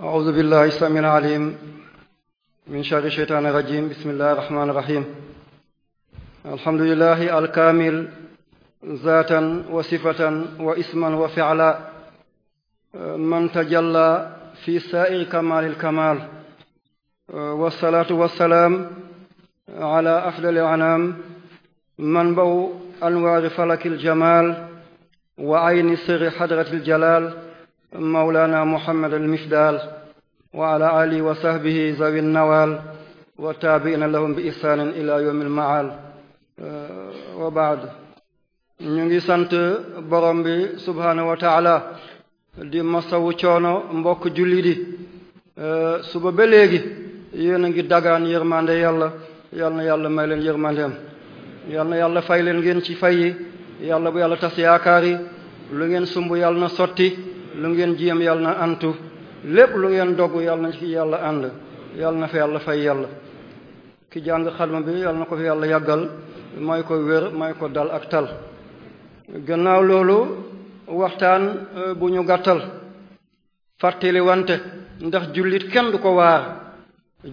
أعوذ بالله السميع العليم من شر الشيطان الرجيم بسم الله الرحمن الرحيم الحمد لله الكامل ذاتا وصفة واسما وفعلا من تجلى في سائر كمال الكمال والصلاة والسلام على أفضل الأنام منبع أنوار فلك الجمال وعين سر حضرة الجلال مولانا محمد المفدال وعلى آله وصحبه ذوي النوال والتابعين لهم بإحسان إلى يوم المعال وبعد ñu ngi sant borom bi subhaanahu wa taala di masawu coono mbokk julli di euh, suba ba léegi yéen a ngi dagaan yërmande yàlla yal na yàlla may leen yërmandeem yal ngeen ci fay yi bu yàlla tas lu ngeen sumb yàlla sotti lu ngeen jiyam yàlla na antu lépp lu ngeen dogg yàlla na ci yàlla ànd yàlla na fa yàlla fay yàlla ki jàng xadma bi yàlla na ko fi yàlla yàggal may ko wér may ko dal ak tal gannaaw loolu waxtaan e, bu ñu gàttal fàttali wante ndax jullit kenn du ko waar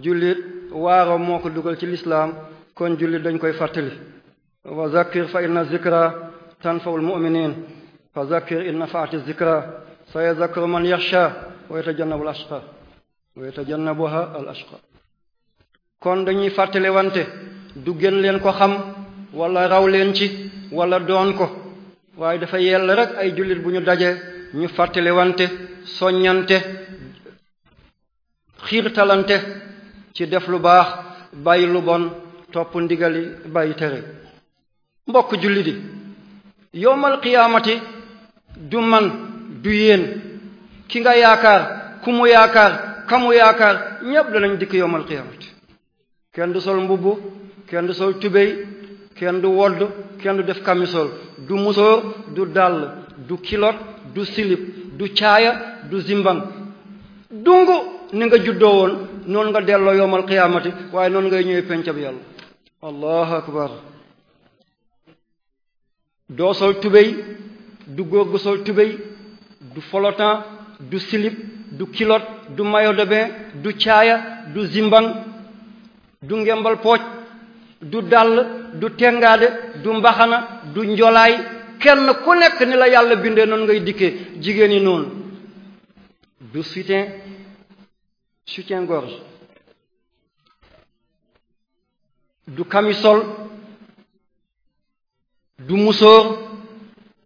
jullit waaro moo ko dugal ci lislaam kon jullit dañ koy fàttali wa zakir fa inna zikra tanfa'ul mu'minin fa zakir inna fa'ati zikra sayazakkaru man yaxsha wa yatajannabu al ashqa wa yatajannabuha al ashqa kon dañuy fàttale wante du gën leen ko xam wala raw leen ci wala doon ko waaye dafa yell rek ay jullit bu ñu dajee ñu fàttale wante xiir talante ci def lu baax bàyyi bon topp ndigali bàyyi tere mbokk jullit yi yowmal du man du yéen ki nga yaakaar ku yaakaar ka mu yaakaar ñépp danañ dikk yowmal qiyaamati kenn du sol mbubb kenn du sol tubéy kenn du wodd kenn du def kamisol du musóor du dàll du kilot du silip du caaya du zimbang dungu ni nga juddoo woon noonu nga delloo yowmal qiyaamati waaye noonu ngay ñëwee pencab yàlla allahu akbar doo sol tubéy du góor gu sol tubéy du folotan du silip du kilote du maillot de bain du caaya du zimbang du ngembal pooc du dàll du tengaade du mbaxana du njolaay kenn ku nekk ni la yàlla bindee noonu ngay dikkee jigéen yi noonu du soutien soutien gorge du camisole du musóor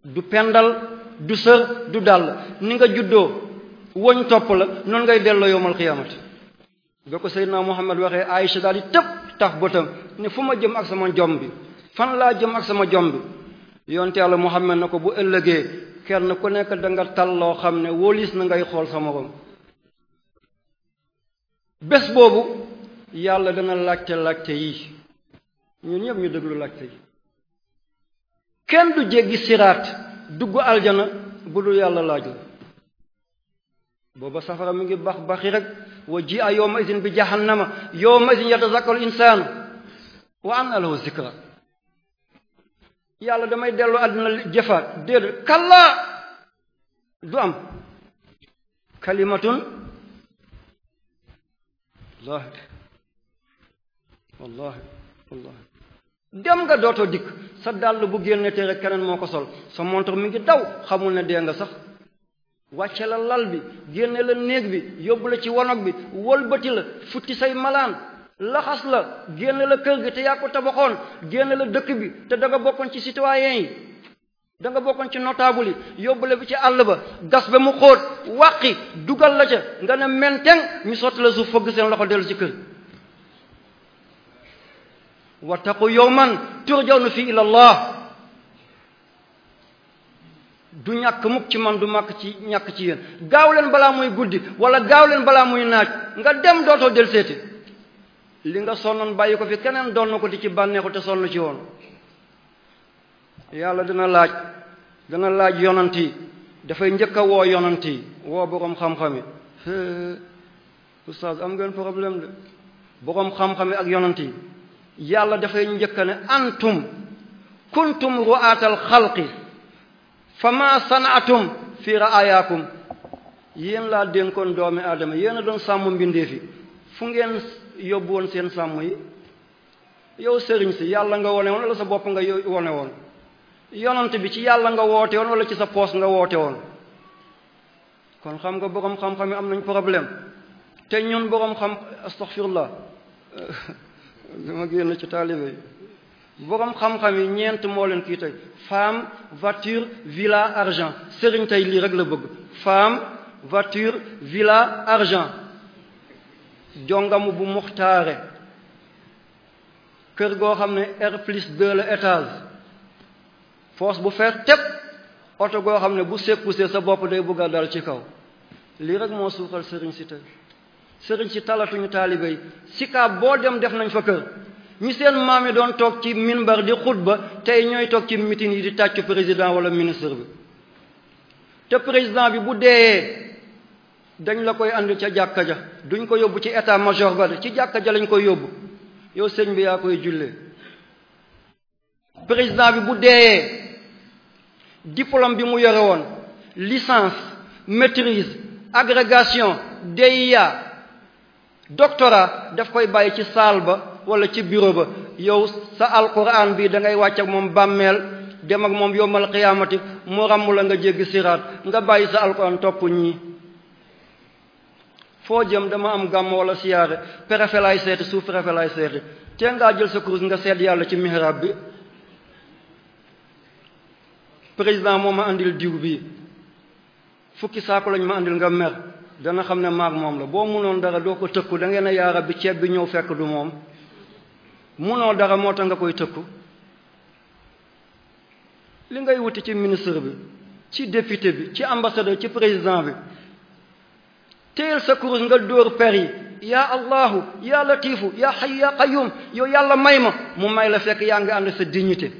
du pendal du sër du dàll ni nga juddoo woñ topp la noonu ngay delloo yowmal xiyaamati boo ko Seydina Muhammad waxee Aïcha daal di tëb taf bëtam ne fu ma jëm ak sama jom bi fan laa jëm ak sama jom bi yonte yàlla Muhammad na ko bu ëllëgee kenn ku nekk danga nga tal loo xam ne wóolis na ngay xool sa morom bés boobu yàlla dana laajte laajte yi ñun ñëpp ñu déglu laajte yi kenn du jéggi siraat dugg aljana bu dul yàlla laaju booba safara mu ngi bax baxi rek wa ji a yawma izin bi jahannama yawma izin yatazakkaru insaanu wa anna lahu zikra yàlla damay dellu àddina jëfaat déedéet kallaa du am kalimatun wallahi wallahi dem nga dootoo dikk sa dàll bu génne te rek keneen moo ko sol sa montre mi ngi daw xamul na dee nga sax wàcce la lal bi génne la néeg bi yóbbu la ci wanag bi wëlbati la futti say malaan laxas la génne la kër gi te yaa ko tabaxoon génne la dëkk bi te da nga bokkoon ci citoyen yi da bokkoon ci notable yi yóbbu la bi ci àll ba gas ba mu xóot wàqi dugal la ca nga ne menteng ñu sotti la suuf fëgg seen loxo dellu ci kër yow man yawman turjawna fi ila allah du ñàkk mukk ci man du màkk ci ñàkk ci yéen gaaw leen balaa muy guddi wala gaaw leen balaa muy naaj nga dem dootoo del seeti li nga sonnoon bàyyi ko fi keneen doon na ko di ci bànneexu te sonn ci woon yàlla dina laaj dana laaj yonant yi dafay njëkk a woo yonant yi woo boroom xam-xam yi oustaz am ngeen problème de boroom xam-xam yi ak yonant yi yàlla dafay njëkk ne antum kuntum ru'aatal xalqi fa ma sanaatum fi raayaakum yéen laa dénkoon doomi adama yéen a doon sàmm mbindeefi fu ngeen yóbbu woon seen sàmm yi yow sëriñ si yàlla nga wone woon wala sa bopp nga wone woon yonant bi ci yàlla nga woote woon wala ci sa poos nga woote woon kon xam nga boroom xam-xam yi am nañ problème te ñun boroom xam astaghfirullah dama génn ci taalibe yi boroom xam-xam yi ñeent moo leen kii tey femme voiture villa argent sëriñ tey lii rek la bëgg femme voiture villa argent jongamu bu muxtaare kër goo xam ne R plus 2 la étage force bu fees tëpp oto goo xam ne bu sekkuse sa bopp day bëgg a dal ci kaw lii rek moo suuxal sëriñ si tey sëriñ si talatuñu taalibe yi sikaab boo dem def nañ fa kër ñi seen maam yi doon toog ci minbar di xutba tey ñooy toog ci mitin yi di tàccu président wala ministre bi te président bi bu deeyee dañ la koy ànd ca jàkka ja duñ ko yóbbu ci état major ba ci jàkka ja lañ koy yóbbu yow sëñ bi yaa koy jullee président bi bu deeyee diplôme bi mu yore woon licence maîtrise agrégation DEA doctorat daf koy bàyyi ci saal ba wala ci bureau ba yow sa alquran bii da ngay wàcc ak moom bàmmeel dem ak moom yombal xiyaamati mu ràmm la nga jéggi siraat nga bàyyi sa alquran topp ñii foo jëm dama am gàmm wala siyaare préfet laay seeti sous préfet laay seeti tee ngaa jël sa kurus nga seet yàlla ci mihrab bi président moo ma andil diw bi fukki saako lañu ma andil nga mer dana xam ne maag moom la boo munoon dara doo ko tëkku da ngeen a yaara bi ceeb bi ñëw fekk du moom munoo dara moo tax nga koy tëkku li ngay wuti ci ministre bi ci député bi ci ambassadeur ci président bi téyel sa kurus nga dóor per yi yaa allahu yaa latifu yaa xay yaa yow yàlla may ma mu may la fekk yaa ngi ànd sa dignité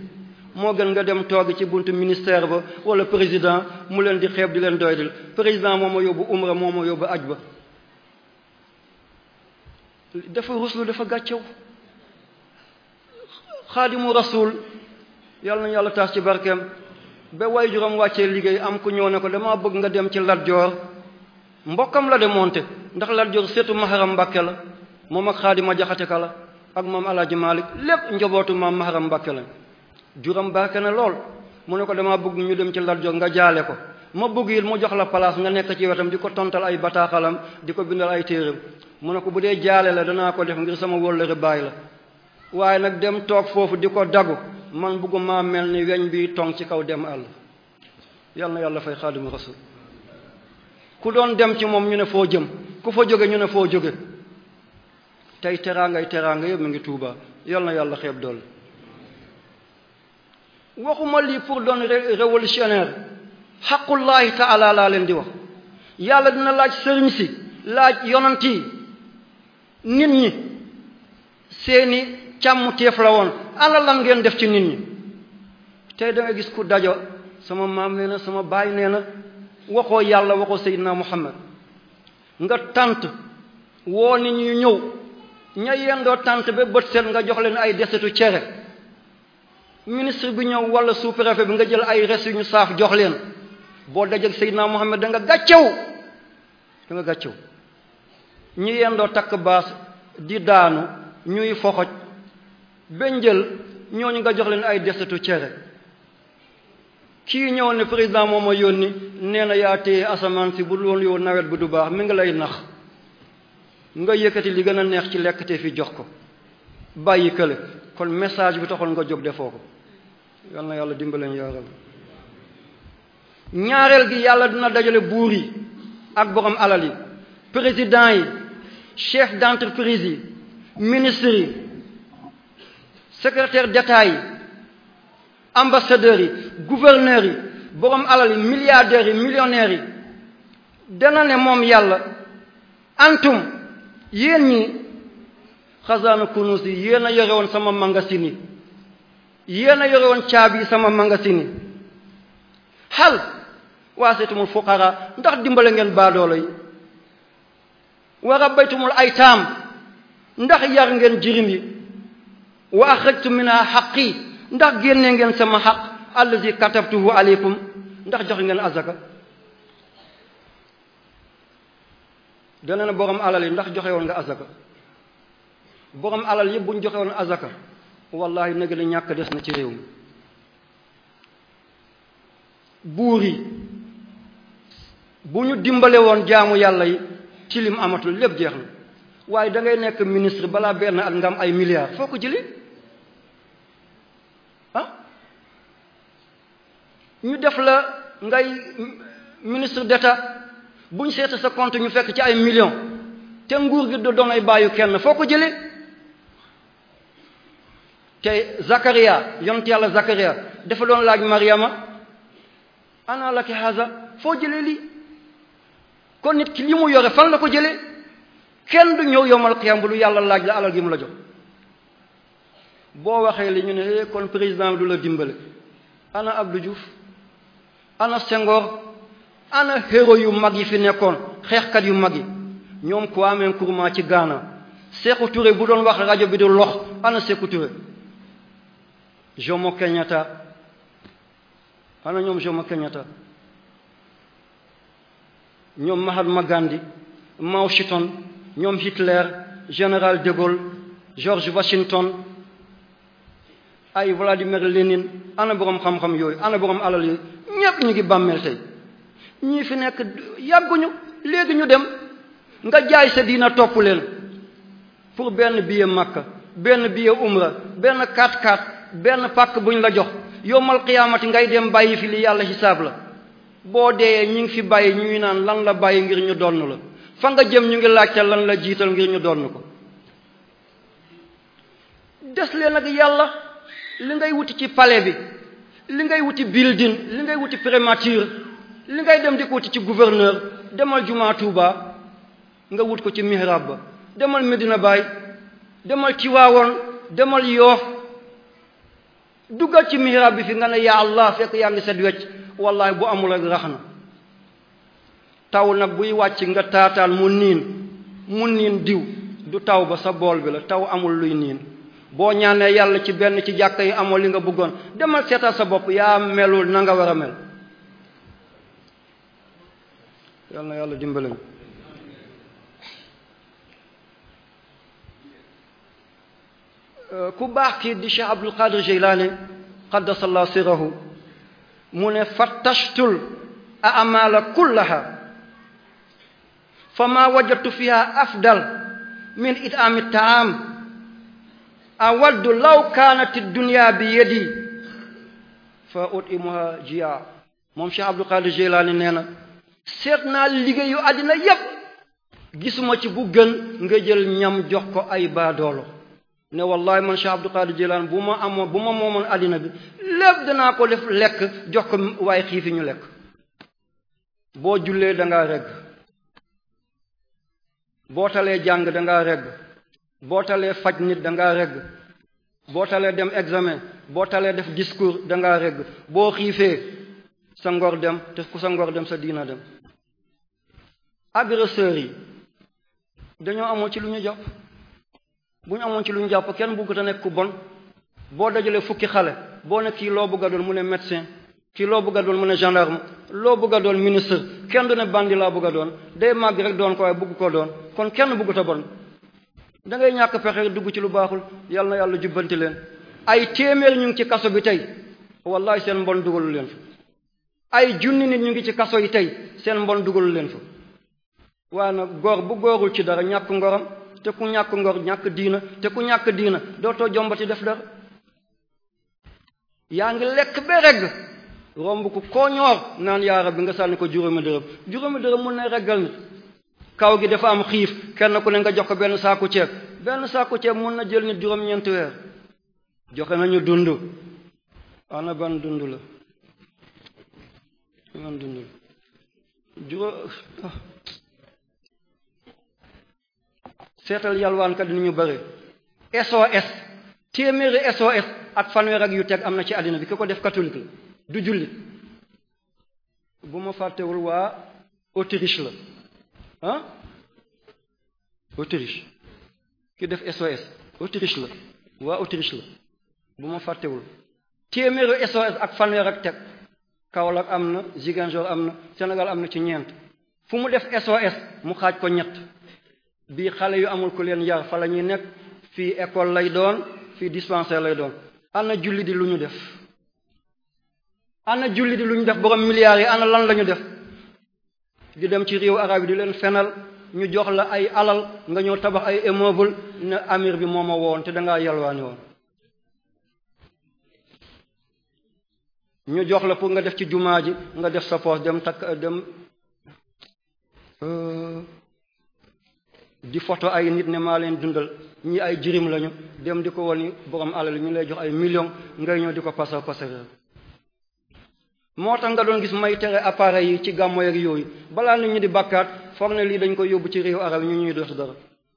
moo gën nga dem toogi ci bunt ministère ba wala président mu leen di xeeb di leen doydil président moo ma yóbbu umra moo ma yóbbu aj ba dafa ruslu dafa gàccew xaadimu rasul yàlla na yàlla taas ci barkeem ba way juróom wàccee liggéey am ku ñëw ne ko dama bëgg nga dem ci Lat Joor mbokkam la dem demoonte ndax Lat Joor seetu maharam Mbàkke la moom ak xaadima jaxate ka la ak moom alaaji Malik lépp njobootu maam maharam Mbàkke la juram barke na lool mu ne ko damaa bëgg ñu dem ci Lat Joor nga jaale ko ma bëgg it mu jox la place nga nekk ci wetam di ko tontal ay bataaxalam di ko bindal ay téeram mu ne ko bu dee jaale la danaa ko def ngir sama wóllëre baay la waaye nag dem toog foofu di ko dagu man bëgguma mel ni weñ bi tong ci kaw dem àll yal na yàlla fay xaadimu rasul ku doon dem ci moom ñu ne foo jëm ku fa jóge ñu ne foo jóge tey teraangay teraanga yëpp mu ngi tuubaa yal na yàlla xeeb dool waxuma lii pour doon révolutionnaire xaqullahi taala laa leen di wax yàlla dina laaj sëriñ si laaj yonant yi nit ñi seeni càmm téef la woon ana ngeen def ci nit ñi tey da gis ku dajo sama maam nee na sama baay nee na waxoo yàlla waxoo seydina muhammad nga tànt woo nit ñu ñëw ña yendoo tànt ba bët set nga jox leen ay desetu cere ministre bi ñëw wala sous préfet bi nga jël ay res yu ñu saaf jox leen boo dajeg Seydina Muhammad danga nga gàccew da nga gàccew ñu yendoo takk baas di daanu ñuy foxoj ben jël ñooñu nga jox leen ay desetu cere kii ñëw ne président moo ma yónni nee na yaa téye asamaan si bu loolu yow nawet bi du baax mi ngi lay nax nga yëkkati li gën a neex ci lekk te fi jox ko bàyyi kële kon message bi taxoon nga jóg defoo ko yal na yàlla dimbaleen ñu yaatal ñaareel gi yàlla dina dajale buur yi ak borom alal yi président yi chef d'entreprise yi ministre yi secrétaire d'état yi ambassadeurs yi gouverneurs yi borom alal yi milliardaires yi millionnaires yi dana ne moom yàlla antum yéen ñi xasaana kunus yi yéen a yore woon sama magasin yi yéen a yore caabi sama magasin yi hal waasetumul fuqara ndax dimbale ngeen baadoolo yi wa rabbaytumul aytaam ndax yar ngeen jirim yi wa axrajtum minha xaqi ndax génne ngeen sama xaq allazi katabtuhu aleykum ndax jox ngeen azaka dana na borom alal yi ndax joxe woon nga azaka borom alal yëpp buñ joxe woon azaka wallahi nag li ñàkk des na ci réew mi buur yi bu ñu dimbale woon jaamu yàlla yi ci lim amatul lépp jeex na waaye da ngay nekk ministre balaa benn at nga am ay milliards foo ko jëli ah ñu def la ngay ministre d'état bu ñu seeta sa compte ñu fekk ci ay million te nguur gi du doonay bàyyu kenn foo ko jëlee te Zakaria yont yàlla Zakaria defa doon laaj mariyama ana laki foo jëlee lii kon nit ki li mu yore fan la ko jëlee kenn du ñëw yomal xiyam bu lu yàlla laaj la alal gi mu la jox boo waxee li ñu ne eh, kon président du la dimbale ana Abdou Diouf ana Senghor ana héros yu mag yi fi nekkoon xeexkat yu mag yi ñoom Kwame Nkrumah ci gaana Sékou ture bu doon wax rajo bi du lox ana Sékou Touré Jomo Kenyatta ana ñoom Jomo Kenyatta ñoom Mahatma Gandhi Mao Zedong ñoom Hitler général de Gaulle George Washington ay Vladimir Lénine ana borom xam-xam yooyu ana borom alal yooyu ñépp ñu ngi bàmmeel tey ñii fi nekk yàgguñu léegi ñu dem nga jaay sa diina topp leen pour benn billet Makka benn billet umra benn 4-4 benn pàkk ñu la jox yowmal qiyaamati ngay dem bàyyi fi li yàlla xisaab la boo dee ñu ngi fi bàyyi ñu ngi naan lan la bàyyi ngir ñu donn la fa nga jëm ñu ngi laajte lan la jiital ngir ñu donn ko des leen ak yàlla li ngay wuti ci pale bi li ngay wuti building li ngay wuti primature li ngay dem di ko wuti ci gouverneur demal jumaa Tuuba nga wut ko ci mihrab ba demal Medina Baay demal Tiwaawoon demal Yoof duggal ci mihrab bi fi nga ne yaa allah fekk yaa ngi set wecc wallahi bu amul rek rax na taw nag buy wàcc nga taataan mu niin mu niin diw du taw ba sa bool bi la taw amul luy niin boo ñaanee yàlla ci benn ci jàkka yi amoo li nga bëggoon demal seetal sa bopp yaa melul na nga war a mel yal na yàlla dimbali Euh, ku baax kii di Cheikh Abdul Qadir Jeylaani sirahu mu ne fattashtul amala kullaha fa ma wajadtu fiha afdal min itaami taam awaddu law kaanat dunya bi yadi fa utimuha jia moom Cheikh Abdul Qadir Jeylaani nee na seet naa liggéeyu àddina yépp gisuma ci bu gën nga jël ñam jox ko ay baadoolo ne wallahi man Cheikh Abdou Qadir Jilaan bu ma amoon bu ma moomoon àddina bi lépp danaa ko def lekk jox ko waaye xiifi ñu lekk boo jullee dangaa regg boo talee jàng dangaa regg boo talee faj nit dangaa regg boo talee dem examen boo talee def discours dangaa regg boo xiifee sa ngor dem te ku sa ngor dem sa diina dem agresseurs yi dañoo amoon ci lu ñu jàpp bu ñu amoon ci lu ñu jàpp kenn bugg te nekk ku bon boo dajalee fukki xale boo ne kii loo bëgg doon mu ne médecin kii loo bëgg doon mu ne gendarme loo bëgg a doon ministre kenn du ne bandi laa bëgg a doon day màgg waaye bugg ko doon kon kenn bugg te bon da ñàkk pexe dugg ci lu baaxul yàlla na yàlla jubbanti leen ay téeméer ñu ngi ci kaso bi tey wallahi seen mbon dugalu leen fa ay junni nit ñu ngi ci kaso yi tey seen mbon dugalu leen fa waaye nag góor bu góorul ci dara ñàkk ngoram te ku ñàkk ngor ñàkk diina te ku ñàkk diina dootoo jombati def dara yaa ngi lekk ba regg romb ku koo ñoor naan yaa rabbi nga sànni ko juróomi dërëm juróomi dërëm mun na reggal ni kaw gi dafa am xiif kenn ku ne nga jox ko benn saaku ceeb benn saaku ceeb mun na jël nit juróom-ñeenti weer joxe nañu dund ana dund la ban dund la juróom ah. seetal yalwaankat ni ñu bëri SOS téeméeri SOS ak fanweer ak yu teg am na ci àddina bi ki ko def catholique la du jullit bu ma fàttewul waa Autriche la ah Autriche ki def SOS Autriche la waa Autriche la bu ma fàttewul téeméeri SOS ak fanweer ak teg Kaolack am na Ziguinchor am na Sénégal am na ci ñeent fu mu def SOS mu xaaj ko ñett bii xale yu amul ku leen yar fa la ñuy nekk fii école lay doon fii dispensaire lay doon ana julli di lu ñu def ana julli di lu ñu def borom milliards yi ana lan la ñu def di dem ci réew arab yi di leen fenal ñu jox la ay alal nga ñëw tabax ay immeuble ne amir bi moo ma woon te dangaa yalwaani woon ñu jox la pour nga def ci jumaa ji nga def sa poos dem takk dem euh, di foto ay nit ne maa leen dundal ñi ay jirim lañu dem di ko woni borom alal ñu lay jox ay million ngay ñëw di ko pasar pasare moo tax nga doon gis may tere appareil yi ci gàmmo ak yooyu balaa nit ñu di bàkkaat foog ne lii dañ koy yóbbu ci réew arab ñu ñuy dootu dara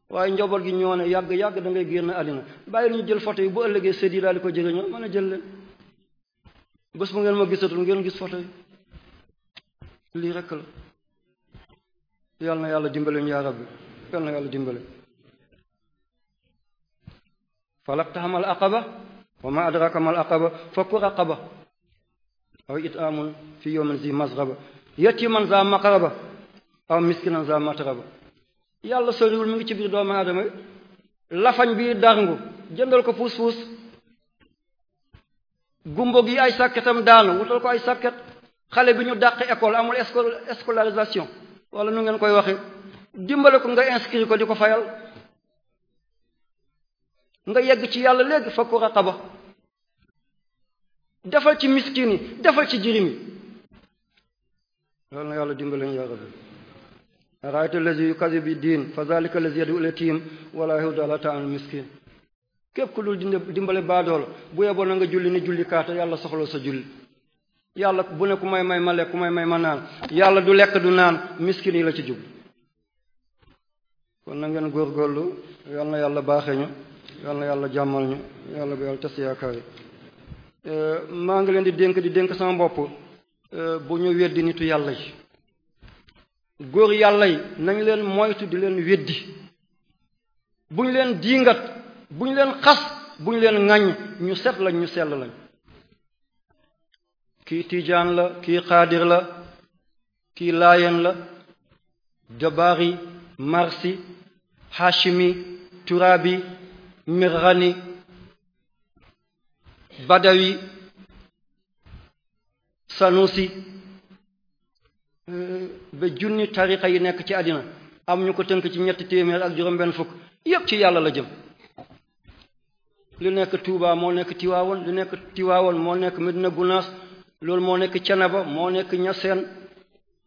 waaye njaboot gi ñoo ne yàgg yàgg da ngay génn àddina bàyyi ñu jël photo yi bu ëllëgee sédd yi daal di ko jëriñoo mën a jël leen bés bu ngeen ma gisatul ngeen gis photo yi lii yàlla na yàlla dimbali yal na yàlla dimbale falaqtaxama al ma adraka ma al aqaba fakku raqaba aw itaamun fi yawmin zi masraba yatiman za maqraba aw miskinan za matraba yàlla soriwul mi ngi ci biir doomu aadama lafañ bi darngu jëndal ko fuus fuus gumbo gi ay sàkketam daanu wutal ko ay sàkket xale bi ñu dàq école amul scolarisation wala nu ngeen koy waxe dimbale ko nga inscrire ko di ko fayal nga yegg ci yàlla léegi fakku raqaba defal ci miskin yi defal ci jirim yi yàlla dimbale ñu yaa rabbi araayta allazi yukazibu bi diin fa zalika allazi yadu ulatiim wala yahudu ala ta'am miskin képp ku dul dimbale baadoolo bu yeboo nga julli ni julli kaata yàlla soxla sa julli yàlla bu ne ku may may ma lekk ku may may ma naan yàlla du lekk du naan miskin yi la ci jub kon nangeen góor góorgóorlu yal yàlla baaxee ñu yàlla jàmmal ñu yàlla bu yàlla tas yaakaar yi euh, maa ngi leen di dénk di dénk sama bopp euh, bu ñu weddi nitu yàlla yi góor yàlla yi nañu leen moytu di leen weddi bu ñu leen diingat bu ñu leen xas bu ñu leen ŋañ ñu set lañ ñu sel lañ kii tijaan la kii xaadir la kii laayeen la jabaari marsi hashimi turabi mirghani badawi sanusi eh, ba junni tariqa yi nekk ci àddina am ñu ko tënk ci ñetti téeméer ak juróom-benn fukk yépp ci yàlla la jëm lu nekk Touba moo nekk Tiwaawoon lu nekk Tiwaawoon moo nekk Medina Gunaas loolu moo nekk Canaba moo nekk Ñaseen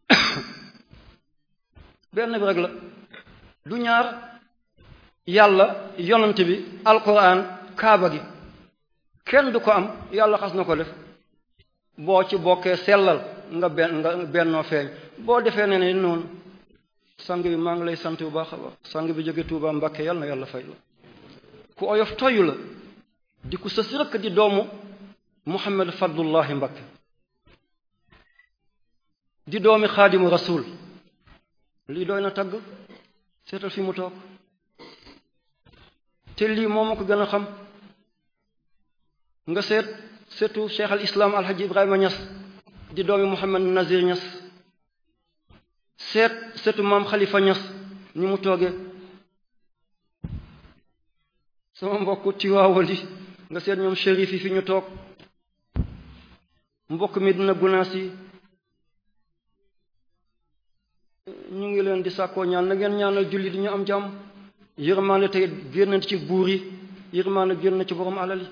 benn bi rek la du ñaar yàlla yonent bi alquran kaaba gi kenn du ko am yàlla xas na ko def boo ci bokkee sellal nga benn nga boo defee ne ne noonu sang bi maa ngi lay sant bu baax a baax bi jóge Tuuba Mbàkke yàlla na yàlla fay la ku oyof toyu la di ku sës rëkk di doomu Muhammad Fadlullahi Mbàkke di doomi Xaadimu Rasuul lii doy na tagg seetal fi mu toog te lii moo ma ko gën a xam nga seet surtout cheikh al islam alhaji ibrahima ñas di doomi Mouhamed Nazir ñas seet seetu maam xalifa ñas ni mu tooge sama mbokku tiwaawali nga seet ñoom chérif fi ñu toog mbokk mi dina gunaas yi ñu ngi leen di sàkkoo ñaan na ngeen ñaanal julli di ñu am jàmm yërmaande tey génn na ci buur yi yërmaande génn na ci borom alal yi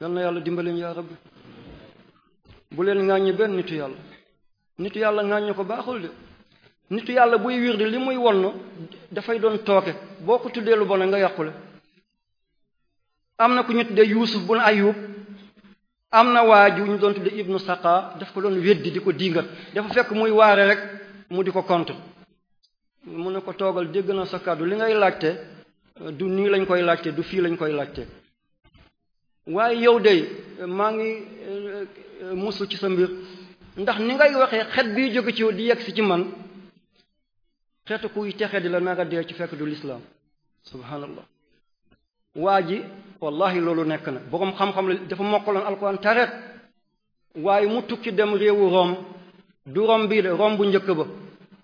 yal na yàlla dimbaleen yaa rabbi bu leen ŋàññi benn nitu yàlla nitu yàlla ŋàññi ko baaxul de nitu yàlla buy wiir di li muy won dafay doon tooke boo ko tuddee lu bon nga yàqule am na ku ñu tuddee yuusuf bun ayub am na waaju ñu doon tuddee ibnu saqa daf ko doon weddi di ko dinga dafa fekk muy waare rek mu di ko contre mu ne ko toogal dégg na sa kàddu li ngay laajte du nii lañ koy laajte du fii lañ koy laajte waaye yow dey maa ngi eh, musu ci sa mbir ndax ni ngay waxee xet biy jóge ci di yegg si ci man xeetu kuy texe di la nara dee ci fekk du lislaam subhaanallah waa ji wallahi loolu nekk na boroom xam-xam la dafa mokkaloon alquran taret waaye mu tukki dem réewu Rome du Rome bii de Rome bu njëkk ba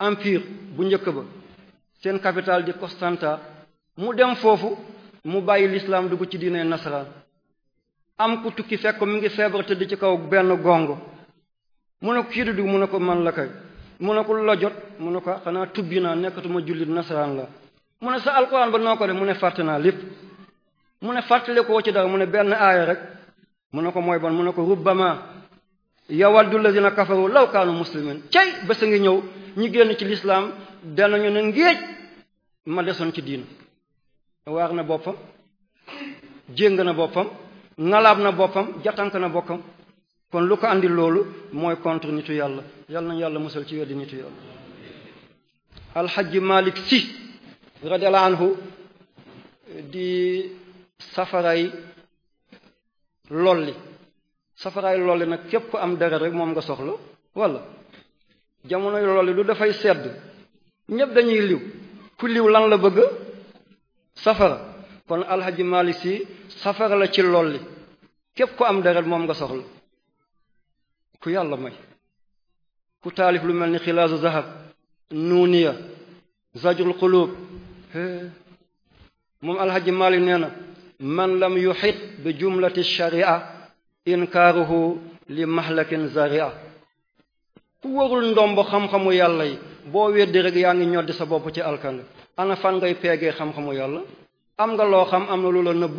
empire bu njëkk ba seen capital di Constanta mu dem foofu mu bàyyi lislaam dugg ci diine nasaraan am ku tukki fekk mi ngi feebar tëdd ci kaw benn gongo mu ne ko kii du mu ne ko man la kay mu ne ko lojot mu ne ko xanaa tubbi naa nekkatuma jullit nasaraan la mu ne sa alquran ba noo ko def mu ne fàtte naa lépp mu ne fàttale ci dara mu ne benn aaya rek mu ne ko mooy mu ne ko rubbama yawaddu lazina kafaru law kaanu muslimin cay bés ngi ñëw ñi ci lislaam danañu ne ngéej ma desoon ci diina waar na boppam jéng na boppam ngalaab na boppam jatank na boppam kon lu ko andi loolu mooy contre nitu yàlla yàlla nañu yàlla musal ci weddi nitu yàlla alxaji malik si radiyallahu anhu di safaray lolli safaray lolli nag képp am deret rek moom nga soxla walla jamonoy lolli du dafay sedd ñëpp dañuy liw ku liw lan la bëgg safara kon alxaji Malick Sy safara la ci lolli képp ku am deret moom nga soxla ku yàlla may ku taalif lu mel ni xilaasu zahab nuuniya zajrul qulub moom alxaji Malick nee na man lam yuxit bi jumlati sharia inkaaruhu li mahlakin zaria ku warul ndombo xam-xamu yàlla yi boo weddi rek yaa ngi ñoddi sa bopp ci alkande ana fan ngay peegee xam-xamu yàlla am nga loo xam am na lu la nëbb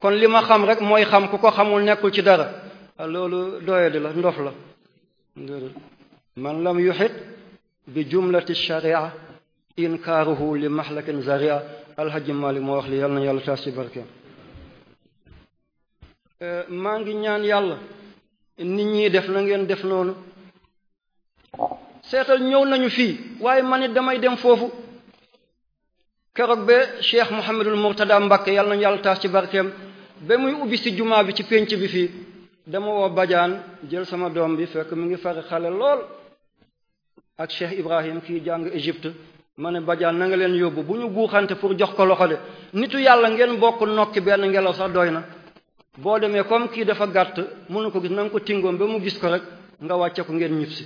kon li ma xam rek mooy xam ku ko xamul nekkul ci dara ah, loolu doyadi la ndox la man lam yuhit bi jumlati sharia inkaaruhu li mahlakin zaria alhaji mali moo wax li yàlla na yàlla taas ci barkeem eh, maa ngi ñaan yàlla nit ñi def na ngeen def noonu seetal ñëw nañu fii waaye man it damay dem foofu keroog ba cheikh Mouhamadul Mourtada mbakk yàlla nañu yàlla taas ci barkeem ba muy ubbi si jumaa bi ci pénc bi fii dama woo bajaan jël sama doom bi fekk mu ngi fari xale lool ak cheikh Ibrahim kii jàng Égypte ma ne bajaan na nga leen yóbbu bu ñu guuxante pour jox ko loxo de nitu yàlla ngeen bokk nokki benn ngelaw sax doy na boo demee comme kii dafa gàtt mënu ko gis na ko tingoom ba mu gis ko rek nga wàcce ko ngeen ñibbisi.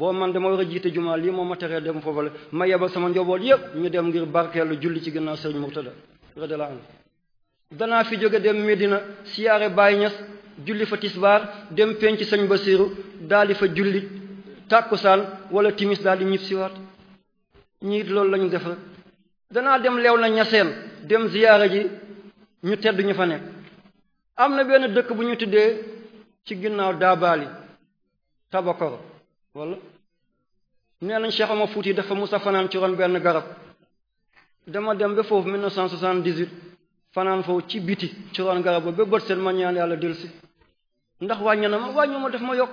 boo man dama war a jiite jumaa lii moom ma teree dem foofu la ma yebal sama njoboot yépp ñu dem ngir barkeelu julli ci ginnaaw sëriñ Murtada radiyallahu anhu danaa fi jóge dem Medina siyaare Baay Ñas julli fa tisbaar dem penc sëñ Basiru daal di fa julli tàkkusaan wala timis daal di ñib siwaat ñiit loolu la ñu danaa dem leew na ñaseen dem ziyaara ji ñu tedd ñu fa nekk am na benn dëkk bu ñu tuddee ci ginnaaw daabaali tabakoro wala nee nañ Cheikh ma fuuti dafa musa fanaan ci ron benn garab dama dem ba foofu cent 1978 fanaan foofu ci biti ci ron garab ba bët seen ma ñaan yàlla dellusi ndax wàññi na ma wàññi ma def ma yokk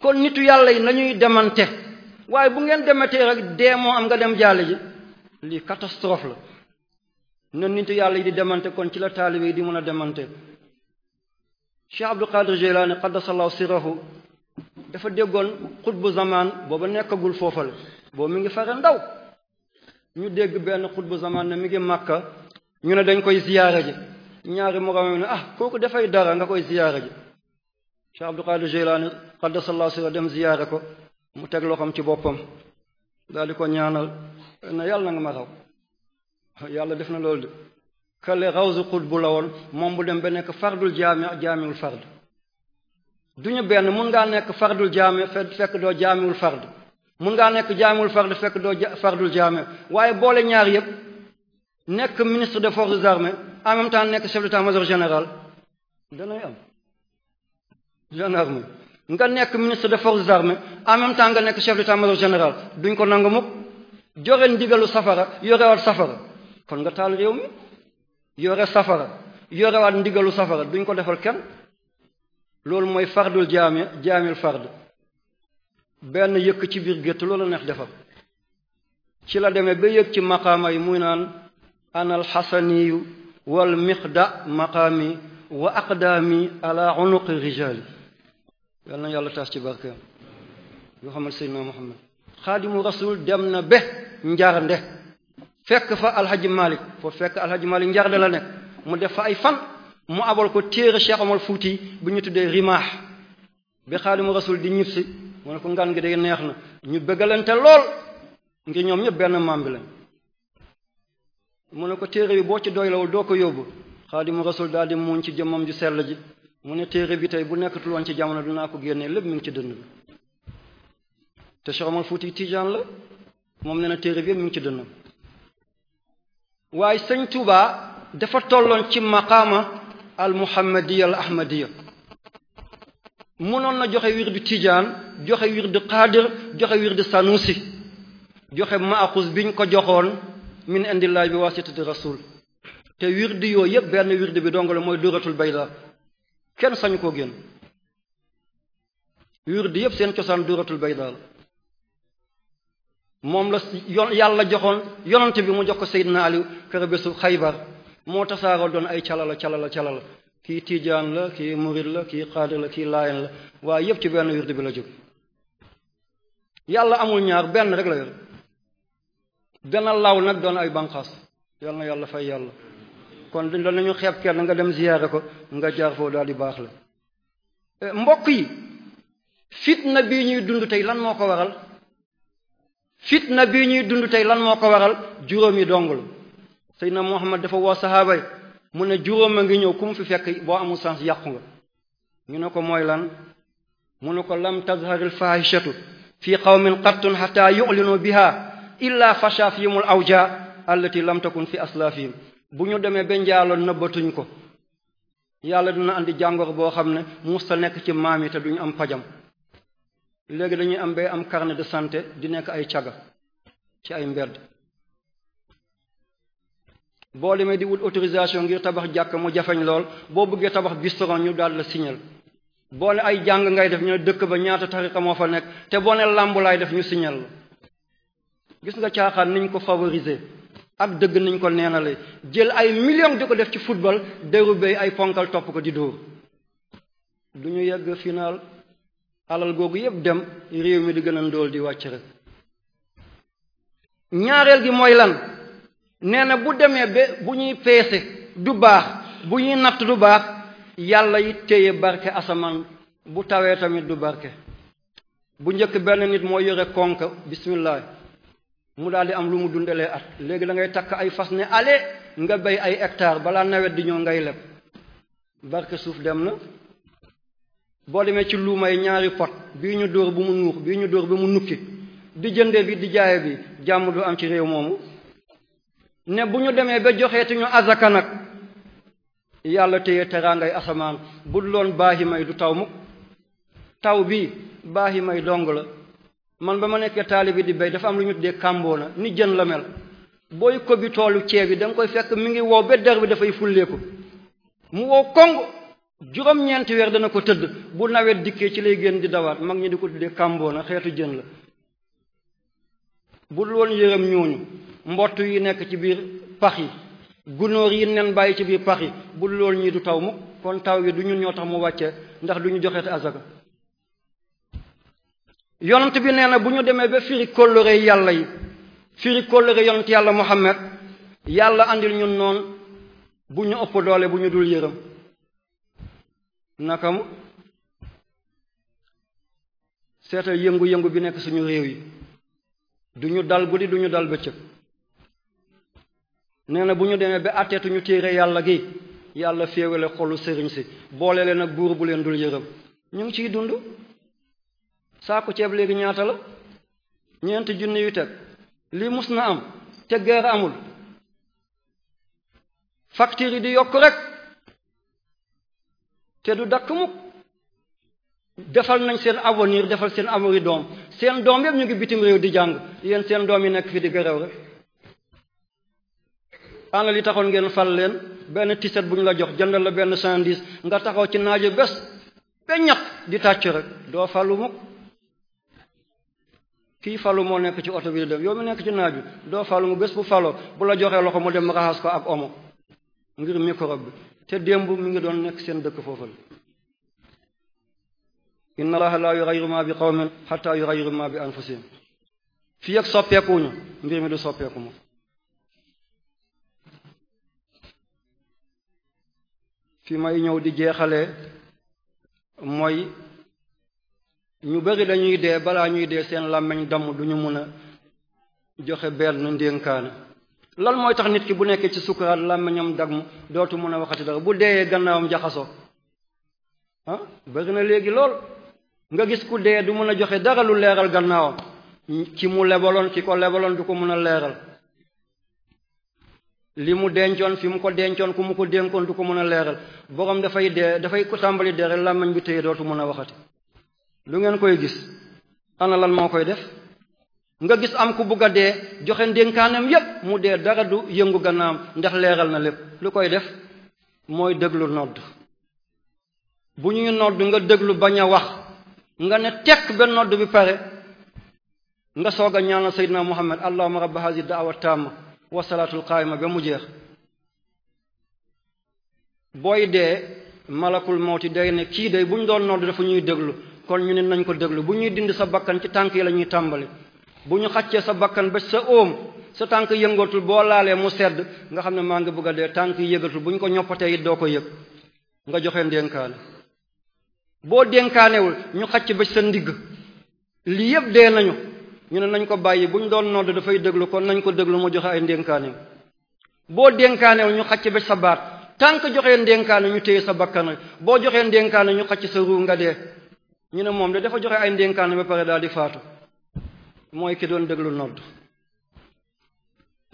kon nitu yàlla yi nañuy demante waaye bu ngeen demetee rek dee moo am nga dem jaale ji lii catastrophe la ne nitu yàlla yi di demante kon ci la taalibe yi di mën a demante Cheikh Abdul Qadir Jilani qaddasallahu sirahu dafa déggoon xutbu zamaan booba nekkagul foofale boobu mi ngi fare ndaw ñu dégg benn xutbu zamaan ne mi ngi màkka ñu ne dañ koy ziyaara ji ñaari moroom ne ah kooku dafay dara nga koy ziyaara ji Cheikh Abdul Qadir Jilani qaddasallahu sirra dem ziyaara ko mu teg loxoom ci boppam daal di ko ñaanal na yàlla na nga ma raw yàlla def na loolu de kale rawsu xutbu la woon moom bu dem ba nekk fardul jaami jaamiul fard du duñu benn mun ngaa nekk fardul jaame fekk doo jaamiwul fard mun ngaa nekk jaamiwul fard fekk doo fardul jaame waaye boole ñaar yépp nekk ministre de forces armées en même temps nekk chef d'état-major général danay am gendarme nga nekk ministre des forces armées en même temps nga nekk chef d'état-major général duñ ko nanga mukk joreen ndigalu safara yorewaat safara kon nga taal réew mi yore safara yorewaat ndigalu safara duñ ko defal kenn loolu mooy fardul jaami jaamil fard benn yëkk ci biir gétt loolu neex defar ci la deme ba yëg ci maqaama yi muy naan anal xasaniyu wal miqda maqaami wa aqdaami ala unuqi rijaali yal na yàlla taas ci barkeem yoo xamal seydina muhammad xaadimu rasul dem na be njarnde fekk fa alhaji malik foo fekk alhaji malik njarnde la nekk mu def fa ay fan mu abal ko téere Cheikh Omar bu ñu tuddee rimaax bi xaadimu rasul di ñibsi mu ne ko ngan gi day neex na ñu bëggalante lool ngir ñoom ñëpp benn maam bi lañ mu ko téere bi boo ci doylawul doo ko yóbbu xaadimu rasul daal di muñ ci jëmmam ju sell ji mu ne téere bi tey bu nekkatul woon ci jamono naa ko génnee lépp mi ngi ci dënn bi te Cheikh Omar Fouti Tijaan la moom mi ngi ci dënnam waaye sëñ Touba dafa tolloon ci maqaama al muhammadiya al ahmadiya mënoon na joxe wirdu tiijaan joxe wirdu qaadir joxe wirdu sanusi joxe maaxus biñ ko joxoon min indillahi bi wasitati rasul te wirdu yooyu yëpp benn wirdu bi dong la mooy duratul bayda kenn sañ koo génn wirdu yëpp seen cosaan duratul bayda la moom la yon yàlla joxoon yonante bi mu jox ko Seydina Aliou kër bésu Xaybar moo tasaaroo doon ay calala calala calala kii tijaan la kii murid la kii xaadir la kii laayen la waaye yëpp ci benn wirdu bi la jóg yàlla amul ñaar benn rek la yor dana law nag doon ay banqaas yal na yàlla fay yàlla kon dañ doon nañu xeeb kenn nga dem ziyaare ko nga jaar foofu daal di baax la e, mbokk yi fitna bi ñuy dund tey lan moo ko waral fitna bi ñuy dund tey lan moo ko waral juróom juróomi dongul Seydina Muhammad defa woo sahaaba yi mu ne juróom a ngi ñëw ku fi fekk boo amul sens yàqu nga ñu ne ko mooy lan mu ne ko lam tazharil fahishatu fi qawmin qattun hatta yu'linu biha illa fasha fihimul awja allati lam takun fi aslafihim bu ñu demee ba njaalo nëbbatuñ ko yàlla dina andi jàngoro boo xam ne musta nekk ci maam yi te duñu am pajam léegi dañuy am bay am karne de sante di nekk ay caga ci ay mbedd boo demee di wut autorisation ngir tabax jàkk mu jafeñ lool boo bëggee tabax bistoron ñu daal la signal boo ne ay jàng ngay def ñu ne dëkk ba ñaata tariqa moo fa nekk te boo ne làmb laay def ñu siñel la gis nga caaxaan niñ ko favoriser ak dëgg niñ ko neenale jël ay millions di ko def ci football dérubé ay ponkal topp ko di dóor du ñu yegg final alal googu yépp dem réew mi di gën a ndóol di wàcc rek ñaareel gi mooy lan nee na bu demee ba bu ñuy peese du baax bu ñuy natt du baax yàlla yi téye barke asamaan bu tawee tamit du barke bu njëkk benn nit mooy yore konk bismillah mu daal di am lu mu dundalee at léegi da ngay takk ay fas ne ale nga béy ay hectare balaa nawet di ñëw ngay leb barke suuf dem na boo demee ci luuma yi ñaari pot bii ñu dóor bu mu nuux bii ñu dóor bi mu nukki di jënde bi di jaaye bi jàmm du am ci réew moomu ne bu ñu demee ba joxeeti ñu azaka nag yàlla téye teraangay asamaan bu loon baaxi may du taw mukk taw bi baaxi may dong la man ba ma nekkee taalibi di béy dafa am lu ñu tuddee kàmboona ni jën la mel booy kobi toolu ceeb yi da koy fekk mi ngi wow ba der bi dafay fulleeku mu wow kong juróom-ñeenti weer dana ko tëdd bu nawet dikkee ci lay génn di dawaat mag ñi di ko tuddee kàmboona xeetu jën la bu loon yërëm ñooñu mbott yi nekk ci biir pax yi gunóor yi nen bàyyi ci biir pax yi bu loolu ñi du taw mu kon taw yi du ñun ñoo tax mu wàcce ndax du ñu joxeete azaka yonent bi nee na bu ñu demee ba firi kóllëre yàlla yi firi kóllëre yonent yàlla Muhammad yàlla andil ñun noon bu ñu ëpp doole bu ñu dul yërëm naka mu seetal yëngu-yëngu bi nekk suñu réew yi duñu dal guddi duñu dal bëccëg nee na bu ñu demee ba atteetuñu téere yàlla gi yàlla féewale xolu sëriñ si boole leen buur bu leen dul yërëm ñu ngi ciy dund saako ceeb léegi ñaata la ñeenti junni yu teg lii mus na am te guerre amul factures yi di yokk rek te du dakk mukk defal nañ seen avenir defal seen avenir doom seen doom yëpp ñu ngi bitim réew di jàng yéen seen doom yi nekk fii di gërëw rek ana li taxoon ngeen fal leen benn tiset bu ñu la jox jëndal la benn cent nga taxaw ci naajo bés ñax di tàcc rek doo falu mukk kii falu moo nekk ci oto bi dem yow mi nekk ci naaju doo falu mu bés bu falo bu la joxee loxo mu dem raxas ko ak omo ngir microbe bi te démb mu ngi doon nekk seen dëkk foofal inna allaha la yughayyiru ma bi qawmin hatta yughayyiru ma bi anfusihim fi ak soppeekuñu mbir mi du soppeeku ma fi may ñëw di jeexale mooy ñu bari dañuy dee balaa ñuy dee seen làmmiñ damm du ñu mën a joxe benn ndénkaane lan mooy tax nit ki bu nekkee ci sukuraat làmmiñam damm dootu mën a waxati dara bu deeyee gannaawam jaxasoo ah bari na léegi lool nga gis ku dee du mën a joxe dara lu leeral gannaawam ki mu lebaloon ki ko lebaloon du ko mën a leeral li mu dencoon fi mu ko dencoon ku mu ko dénkoon du ko mën a leeral borom dafay dee dafay ko tàmbali dee rek làmmiñ bi téye dootu mën a waxati lu ngeen koy gis ana lan moo koy def nga gis am ku bugg dee joxe ndénkaanam yëpp mu dee dara du yëngu gannaam ndax leeral na lépp lu koy def mooy déglu nodd bu ñuy nodd nga déglu bañ a wax nga ne tekk benn nodd bi pare nga soog a ñaanal seydina muhammad allahumma rabba hazi da'wa tamma wasalaatul qaayima ba mu jeex booy dee malakul mawti day ne kii day bu ñu doon nodd dafa ñuy déglu kon ñu ne nañ ko déglu bu ñuy dind sa bakkan ci tànk yi lañuy tàmbali bu ñu xaccee sa bakkan ba sa óom sa tànk yëngatul boo laalee mu sedd nga xam ne maa ngi bëgg dee tànk yi yëgatul bu ñu ko ñoppatee it doo ko yëg nga joxe ndénkaane boo dénkaanewul ñu xacc ba sa ndigg lii yëpp dee nañu ñu ne nañ ko bàyyi bu ñu doon nodd dafay déglu kon nañ ko déglu moo joxe ay ndénkaaneem boo dénkaaneel ñu xacc ba sa baat tant que joxee ndénkaane ñu téye sa bakkan boo joxee ndénkaane ñu xacc sa ruu nga dee ñu ne moom de dafa joxe ay ndénkaane ba pare daal di faatu mooy ki doon déglu nodd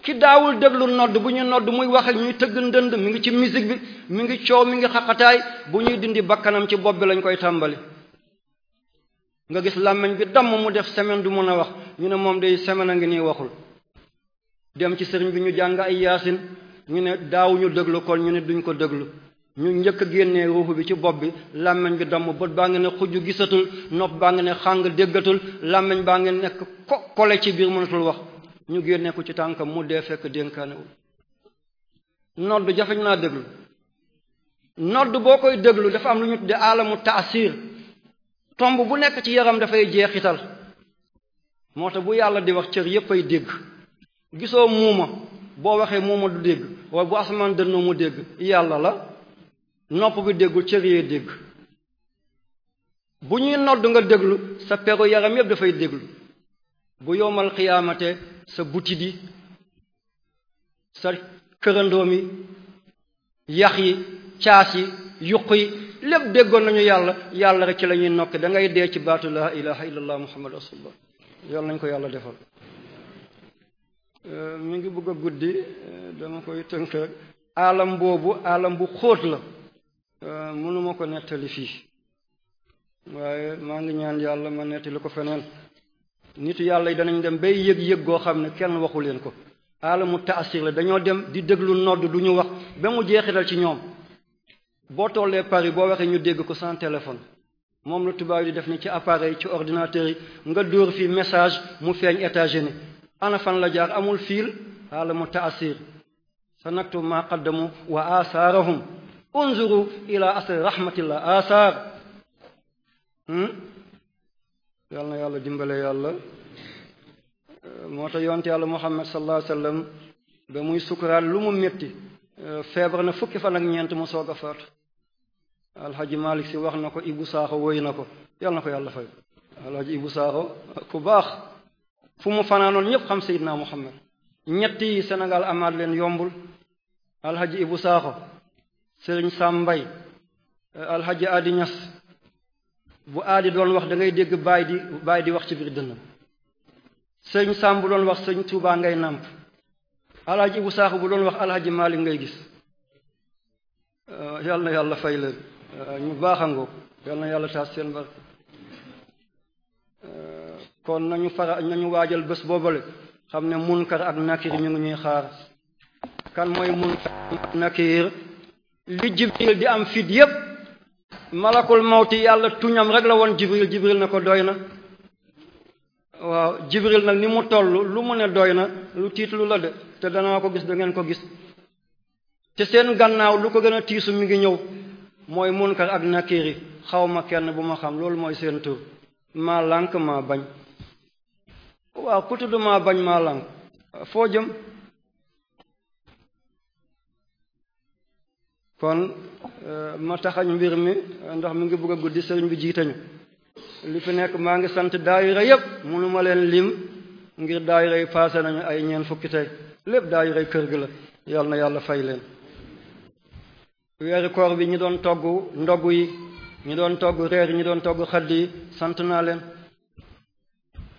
ki daawul déglu nodd bu ñu nodd muy wax ak ñuy tëgg ndënd mi ngi ci musique bi mi ngi coow mi ngi xaqataay bu ñuy dindi bakkanam ci bopp bi lañ koy tàmbali nga gis làmmiñ bi damm mu def semaine du mën a wax ñu ne moom de semaine a ngi nii waxul dem ci sëriñ bi ñu jàng ay yaasin ñu ne daawuñu ñu déglu kon ñu ne duñ ko déglu ñu njëkk a génnee bi ci bopp bi làmmiñ bi damm bët baa ngi ne xujj gisatul nopp baa ngi ne xàng déggatul làmmiñ baa ngi nekk ko kole ci biir mënatul wax ñu génne ko ci tànkam mu dee fekk dénkaanewul nodd jafeñ naa déglu nodd boo koy déglu dafa am lu ñu tudde alamu taasir tomb bu nekk ci yaram dafay jeexital moo tax bu yàlla di wax cër yépp ay dégg gisoo muuma boo waxee muuma du dégg waaye bu asamaan dënnoo mu dégg yàlla la nopp bi déggul cër yee dégg bu ñuy nodd nga déglu sa peru yaram yépp dafay déglu bu yowmal xiyaamate sa butit yi sa kërandoom yi yax yi caas yi yuq yi lépp déggoon nañu yàlla yàlla rek ci la ñuy nokk da ngay dee ci baatu laa ilaha illallah muhammad rasulullah yàlla nañ ko yàlla defal euh, mi ngi bëgg a guddi euh, dama koy tënk alam boobu alam bu xóot la euh, mënuma ko nettali fii waaye maa ngi ñaan yàlla ma nettali ko feneen nit yàlla yi danañ dem bay yëg-yëg goo xam ne kenn waxu leen ko alamu taasir la dañoo dem di déglu nodd du ñu wax ba mu jeexital ci ñoom boo tollee Paris boo waxee ñu dégg ko sans téléphone moom la tubaab yi def ni ci appareil ci ordinateur yi nga dóor fii message mu feeñ États-Unis ana fan la jaar amul fiil xaala mu taasir sa naktu ma qaddamu wa asaarahum unzuru ila asri rahmatillah asaar hmm? yàlla na yàlla dimbale yàlla moo tax yonte yàlla Muhammad sallallahu alayhi wasallam ba muy sukuraat lu mu metti Euh, feebar na fukki fan ak ñeent mu soog a alxaji Malik si wax na ko Ibu Saaxo woy na ko yàlla na ko yàlla fay alxaji Ibu baax fu mu fanaanoon ñëpp xam Seydina Muhammad ñetti Sénégal amaat leen yombul alxaji Ibu Saaxo Sëriñ mbay euh, alxaji Adi Ñas bu aadi doon wax dangay ngay dégg baay di baay di wax ci biir dënnam sëriñ Samb doon wax sëriñ Tuubaa ngay nàmp alaaji bu Saaxu bu doon wax alaaji Maalik ngay gis yal yàlla fay leen ñu baaxangoog yal yàlla taas seen barke kon nañu fara nañu waajal bés boobale xam ne kar ak nakir ñu ngi ñuy xaar kan mooy munkar ak nakir li jibril di am fit yépp malakul mawti yàlla tuñam rek la woon jibril jibril ne ko doy na waaw jibril nag ni mu toll lu mu ne doy na lu tiitlu la de te danaa ko gis dangeen ko gis te seen gannaaw lu ko gën a tiisu mi ngi ñëw mooy munkar ak nakiri xawma ma kenn bu ma xam loolu mooy seen tur maa lànk maa bañ waaw ku tudd maa bañ maa lànk foo jëm kon euh, ma taxañ mbir mi ndax mi ngi bëgg a guddi sëriñ bi jiitañu li fi nekk maa ngi sant daayira yépp mënuma leen lim ngir daayira yi paase nañu ay ñeent fukki tey lépp daayiray kër gi la yàlla na yàlla fay leen weeru koor bi ñu doon toggu ndogg yi ñi doon togg reer yi ñu doon togg xadd yi sant naa leen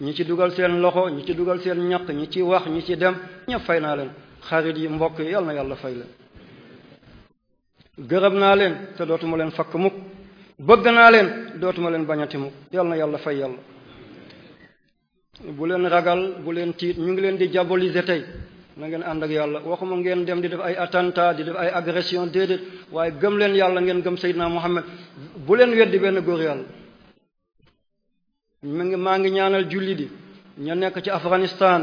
ñi ci dugal seen loxo ñi ci dugal seen ñaq ñi ci wax ñi ci dem ñëpp fay naa leen xarit yi mbokk yi yàlla na yàlla fay leen gërëm naa leen te dootuma leen fakk mukk bëgg naa leen dootuma leen bañati mukk yàlla na yàlla fay yàlla bu leen ragal bu leen tiit ñu ngi leen di diaboliser tey na ngeen ànd ak yàlla waxuma ngeen dem di def ay attentat di def ay agression déedéet waaye gëm leen yàlla ngeen gëm Seydina Muhammad bu leen weddi benn góor yàlla mu ngi maa ngi ñaanal julli di ña nekk ci Afghanistan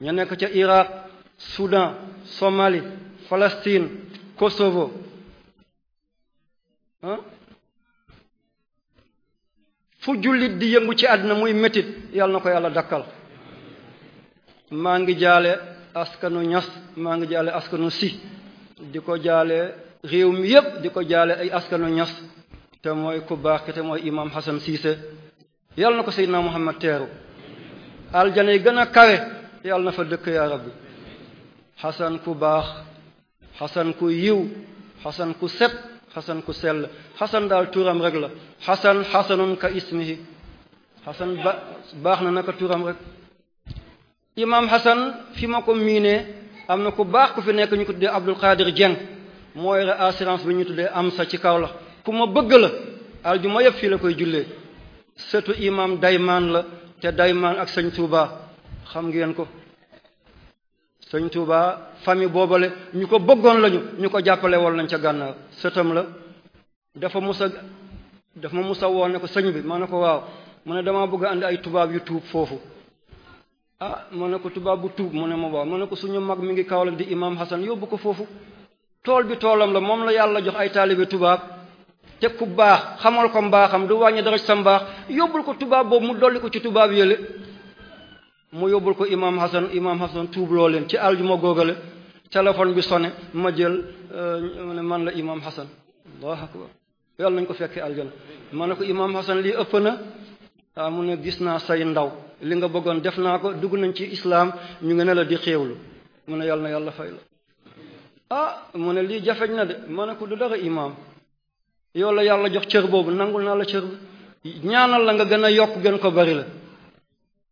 ña nekk ca Iraq Soudan somali Palestine Kosovo ah fu jullit di yëngu ci àddina muy métit yàlla na ko yàlla dakkal maa ngi jaale askanu ñas maa ngi jaale askanu si di ko jaale réew mi yépp di ko jaale ay askanu ñas te mooy ku baax te mooy imam Hassan Cissé yàlla na ko Seydina Muhammad teeru aljana yi gën a kawe yàlla na fa dëkk yaa rabbi Hassan ku baax Hassan ku yiw Hassan ku set Hassan ku sell Hassan daal tuuram rek la Hassan Hassanun ka ismihi Hassan ba baax na naka tuuram rek imam Hassan fi ma ko miinee am na ku baax ku fi nekk ñu ko tuddee Abdul Qadir Dieng moo yore assurance bi ñu tuddee am sa ci kaw la ku ma bëgg la aljuma yëpp fii la koy jullee sëtu imam daymaan la te daymaan ak sëñ Touba xam ngeen ko sëñ Touba famille boobale ñu ko bëggoon lañu ñu ko jàppale woon nañ ca gànnaaw sëtam la dafa musa dafa ma musa woon ne ko sëñ bi ma ne ko waaw mu ne dama bëgg andi ay tubaab yu tuub foofu ah mu ne ko tubaab bu tuub mu ne ma waaw mu ne ko suñu mag mi ngi kawal di imam Hassan yóbbu ko foofu tool bi toolam la moom la yàlla jox ay taalibe tubaab te ku baax xamal ko mbaaxam du wàññi dara ci sa mbaax yóbbul ko tubaab boobu mu dolli ko ci tubaab yële mu yóbbul ko imam Hassan imam Hassan tuub loo leen ci aljuma googale téléphone bi sonné ma jël euh, ne man la imam Hassan yàlla nañ ko fekkee aljana ma ne ko imam Hassan lii ëpp na ah mu ne gis naa say ndaw li nga bëggoon def naa ko dugg nañ ci islaam ñu ngi ne la di xéewlu mu ne yàlla na yàlla fay la ah mu ne lii jafeñ na de ma ne ko du dara imaam yow la yàlla jox cër boobu nangul naa la cër bi ñaanal la nga gën a yokk gën ko bari la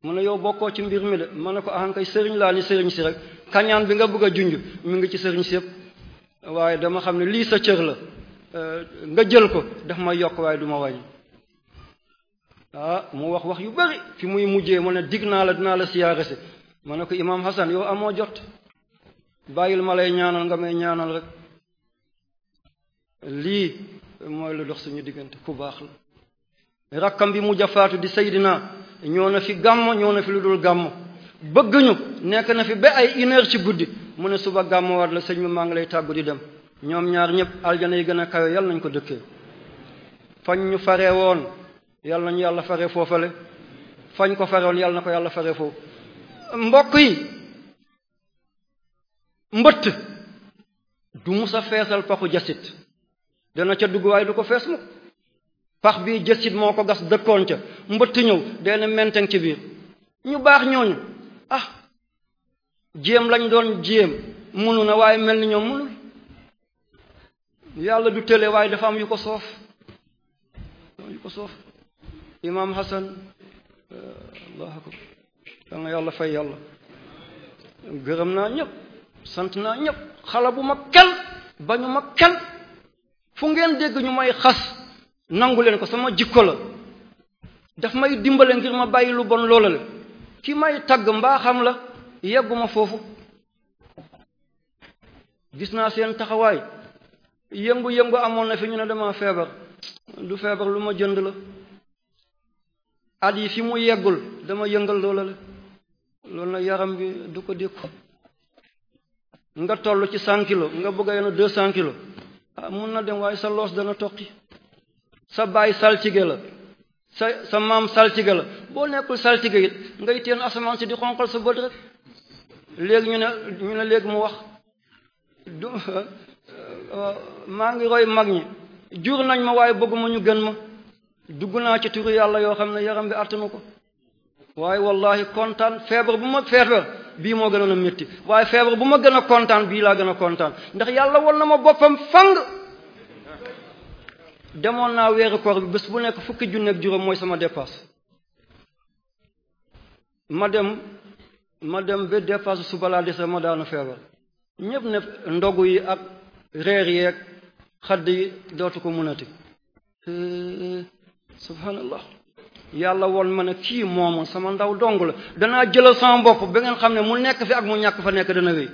mu ne yow bokkoo ci mbir mi de ma ne ko ahan kay sëriñ laa ni sëriñ si rek kañaan bi nga bëgg a junj mu ngi ci sëriñ si yëpp waaye dama xam ne lii sa cër la euh, nga jël ko daf ma yokk waaye du ma wàññi ah mu wax wax yu bari fi muy mujjee mu ne digg naa la dinaa la siyaare si ma ne ko imaam Hassan yow amoo jot bàyyil ma lay ñaanal nga may ñaanal rek lii mooy lu dox suñu diggante ku baax la rakkam bi mu jafaatu di Seydina ñoo na fi gàmm ñoo na fi lu dul gàmm bëgg ñu nekk na fi ba ay une ci guddi mu ne suba gàmm waat la sëñ bi maa ngi lay tàggu di dem ñoom ñaar ñëpp aljana yi gën a kawe yal nañ ko dëkkee fañ ñu faree woon yal nañu yàlla fare foofale fañ ko faroon yal na ko yàlla fare foofu mbokk yi mbëtt du musa feesal paxu jasit dana ca dugg waaye du ko fees mukk pax bii jasit moo ko gas dëkkoon ca mbëtt ñëw dana menteng ci biir ñu baax ñooñu ah jéem lañ doon jéem munu na waaye mel ni ñoom munul yàlla du tële waaye dafa am yu ko soof yu ko soof imaam Hassan allah akbar da yàlla fay yàlla gërëm naa ñëpp sant naa ñëpp xala bu ma kenn bañu ma kenn fu ngeen dégg ñu may xas nangu leen ko sama jikko la daf may dimbale ngir ma bàyyi lu bon loola la ki may tagg mbaa xam la yegguma foofu gis naa seen taxawaay yëngu-yëngu amoon na fi ñu ne dama feebar lu feebar lu ma jënd la at yi fi mu yeggul dama yëngal loola la loolu nag yaram bi du ko dékku nga toll ci cent kilos nga bëgg a yenu deux cent kilos ah mun na dem waaye sa loos dana toqi sa baay saltige la sa sa maam saltige la boo nekkul saltige it ngay teen asamaan si di xonqal sa bët rek léegi ñu ne ñu ne léegi mu wax du ah, maa ngi roy mag ñi jur nañ ma waaye bëgguma ñu gën ma dugg naa ci turu yàlla yoo xam ne yaram bi attanu ko waaye wallahi kontaan feebar bu ma feebar bii moo gën a métti waaye feebar bu ma gën a kontaan bii laa gën a kontaan ndax yàlla won na ma boppam fang demoon naa weeru koor bi bés bu nekk fukki junne ak juróom mooy sama dépasse ma dem ma dem ba dépasse suba laa dese ma daanu feebar ñëpp ne ndogu yi ak reer yeek xadd yi dootu ko munati subhanallah yàlla woon ma ne kii mooma sama ndaw dong la danaa jëlal sama bopp ba ngeen xam ne mu nekk fi ak mu ñàkk fa nekk dana wéy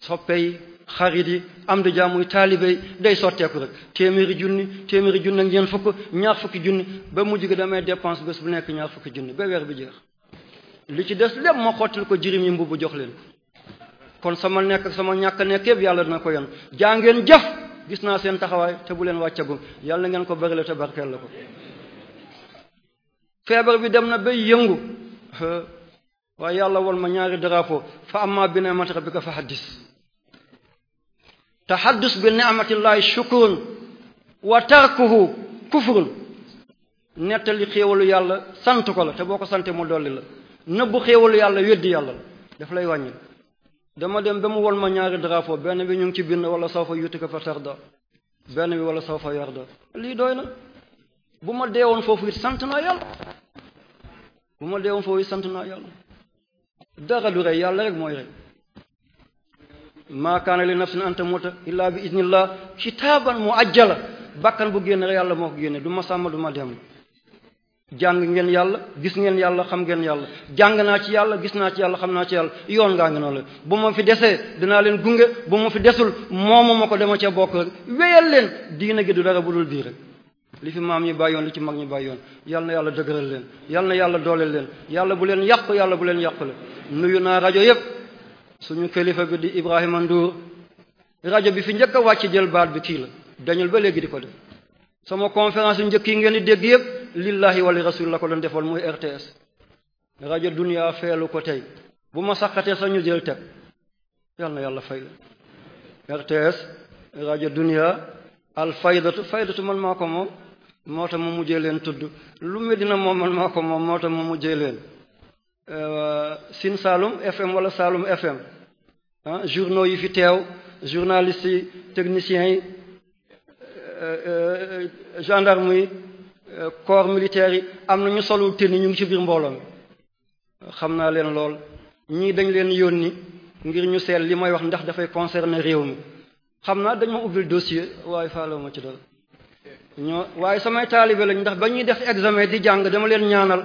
soppey xarit yi am di jaamuy taalibey day sotteeku rek téeméeri junni téeméeri junni ak ñeent fukk ñaar fukki junni ba mujj gi damay dépense bés bu nekk ñaar fukki junni ba weer bi jeex li ci des lépp ma xottil ko jirim yi mbubb jox leen kon sama nekk sama ñàkk nekk yëpp yàlla dina ko yen jaa ngeen jëf gis naa seen taxawaay te bu leen wàccagum yàlla na ngeen ko bërile te barkeel la ko feebar bi dem na bay yëngu waaye yàlla won ma ñaari drapeau fa amma bi ni'mati rabbika fa haddis tahaddus bi ni'matillahi shukrun wa tarkuhu kufrun nettali xéewalu yàlla sant ko la te boo ko santee mu dolli la nëbbu xéewalu yàlla weddi yàlla la daf lay wàññi dama dem ba mu wol ma ñaari drapeau benn bi ñu ngi ci bind wala saw fa yuti ko fa tarda benn bi wala saw fa yarda lii doy na bu ma deewoon foofu it sant naa yàlla bu ma deewoon foofu it sant naa yàlla dara du rey yàlla rek mooy rey maa kaana li nafsin an tamuuta illaa bi idnillah kitaaban muajjala bakkan bu génn rek yàlla moo ko génne du ma sàmm du ma dem jàng ngeen yàlla gis ngeen yàlla xam ngeen yàlla jàng naa ci yàlla gis naa ci yàlla xam naa ci yàlla yoon ngaa ngi noonu la bu ma fi desee dinaa leen gunge bu ma fi desul moomu ma ko dema ca bokk rek wéyal leen diina gi du dara budul bii rek li fi maam ñi bàyyoon li ci mag ñi bàyyoon yal na yàlla dëgëral leen yal na yàlla dooleel leen yàlla bu leen yàqu yàlla bu leen yàqule nuyu naa rajo yépp suñu kilifa bi di Ibrahima Ndour rajo bi fi njëkk a wàcc jël baat bi kii la dañul ba léegi di ko def sama njëkk yi ngeen di dégg lillahi wali rasul la ko doon defoon muy RTS rajo dunia feelu ko tey bu ma saqatee sa ñu jël teg yal na yàlla fay la RTS rajo dunia al faydatu faydatu man maa ko moom moo tax ma mujjee leen tudd lu Medina moom man maa ko moom moo tax ma mujjee leen euh, Sine Saalum FM wala Saalum FM ah yi fi teew journalistes yi techniciens yi euh, euh, gendarme yi corps militaire yi am na ñu solul tenue ñu ngi ci biir mbooloo mi xam naa leen lool ñii dañ leen yónni ngir ñu seet li may wax ndax dafay concerner réew mi xam naa dañ ma ubbil dossier waaye faaloo ma ci dara ñoo waaye samay taalibe lañ ndax ba ñuy def examen di jàng dama leen ñaanal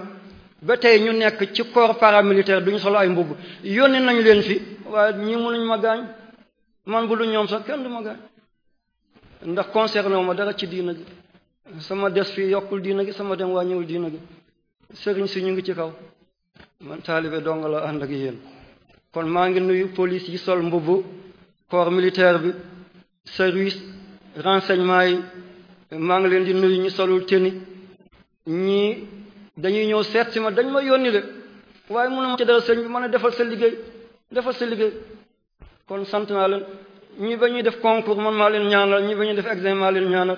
ba tey ñu nekk ci corps paramilitaire duñu solo ay mbubb yónni nañu leen fi waaye ñii mënuñ ma gaañ man bu lu ñoom sax kenn du ma gaañ ndax concerné wu ma dara ci diina ji sama des fii yokkul diina gi sama dem wàññiwul diina gi sëriñ si ñu ngi ci kaw man taalibe dong la ànd ak yéen kon maa ngi nuyu police yi sol mbubb corps militaire bi service renseignement yi maa ngi leen di nuyu ñi solul teni ñii dañuy ñëw seet si ma dañ ma yónni de waaye mënuma ci dara sëñ bi mën a defal sa liggéey defal kon sant naa leen ñi ba ñuy def concours man maa leen ñaanal ñi ba ñuy def examen maa leen ñaanal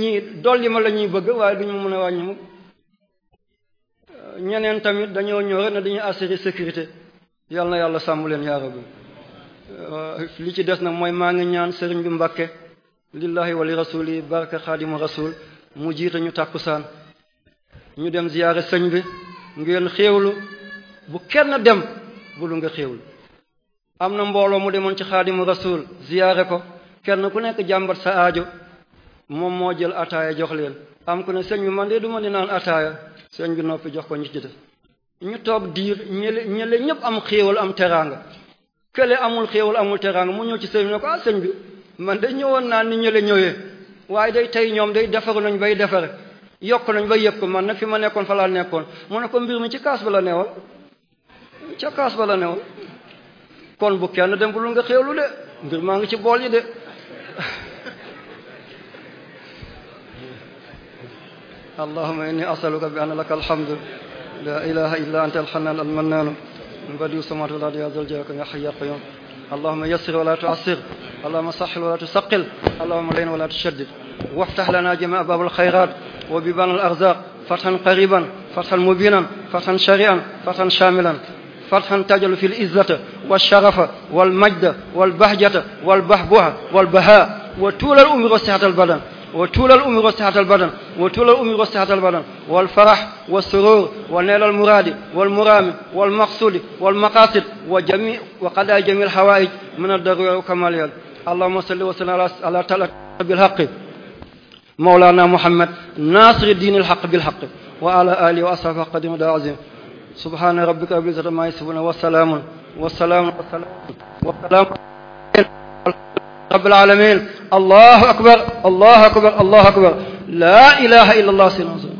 ñii dolli ma la ñuy bëgg waaye ñu ma mën a wàññi mu euh, ñeneen tamit dañoo ñëw rek ne dañuy assurer sécurité yàlla na yàlla sàmm leen yaa rabbi euh, li ci des nag mooy maa ngi ñaan sëriñ bi Mbàkke lillahi wa li rasuli baraka xaadimu rasuul mu jiite ñu tàkku saan ñu dem ziyaare sëñ bi ngeen xéewlu bu kenn dem bu lu nga xéewlu am na mbooloo mu demoon ci xaadimu rasul ziyaare ko kenn ku nekk jàmbat sa aajo moom moo jël ataaya jox leen am ku ne sëñ bi man de du ma naan ataaya sëñ bi noppi jox ko ñu ci def ñu toog diir ñële ñële ñëpp am xéewal am teraanga kële amul xéewal amul teraanga mu ñëw ci sëñ bi ne ah sëñ bi man de ñëwoon naan ni ñële ñëwee waaye day tey ñoom day defaru nañ bay defare yokk nañ bay yëpp ko man nag fi ma nekkoon fa laa nekkoon moo ne ko mbir mi ci kaas ba la neewal ca kaas kon bu kenn dembulul nga xéewlu de mbir maa ngi ci bool yi de allahumma inni asaluka bi anna laka alhamdu la ilaha illa anta alxanaan almannaanu badiu samawati wal ardi ya zal jalali ya hayyu ya qayyum allahumma yassir wala tu'assir allahumma sahhil wala tusaqqil allahumma layyin wala tushaddid waftah lana jami'a baab alkhayrat wa biban alarzaq fathan qariban fathan mubinan fathan shari'an fathan shamilan fathan tajalu fi lizzata walsharafa walmajda walbahjata walbahboha walbaha wa tuulal umri wa sihata albadan wa tuulal umri wa sihata albadan wa tuulal umri wa sihata albadan walfarax walsurur wa neel almuraadi walmuraami walmaqsuudi walmaqasid wa jami wa qadaa jami alhawaij min addaruri wa kamaliyal allahuma salli wa sallim ala taala bilhaqi mawlana muhammad nasiri diin alhaq bilhaq wa ala alihi wa ashabihi qadima da azim subhaana rabbika rabbil izzati ammaa yasifuun wa salaamun wa salaamun wa salaamun rabbil aalamiin allahu akbar allahu akbar allahu akbar laa ilaaha illa allah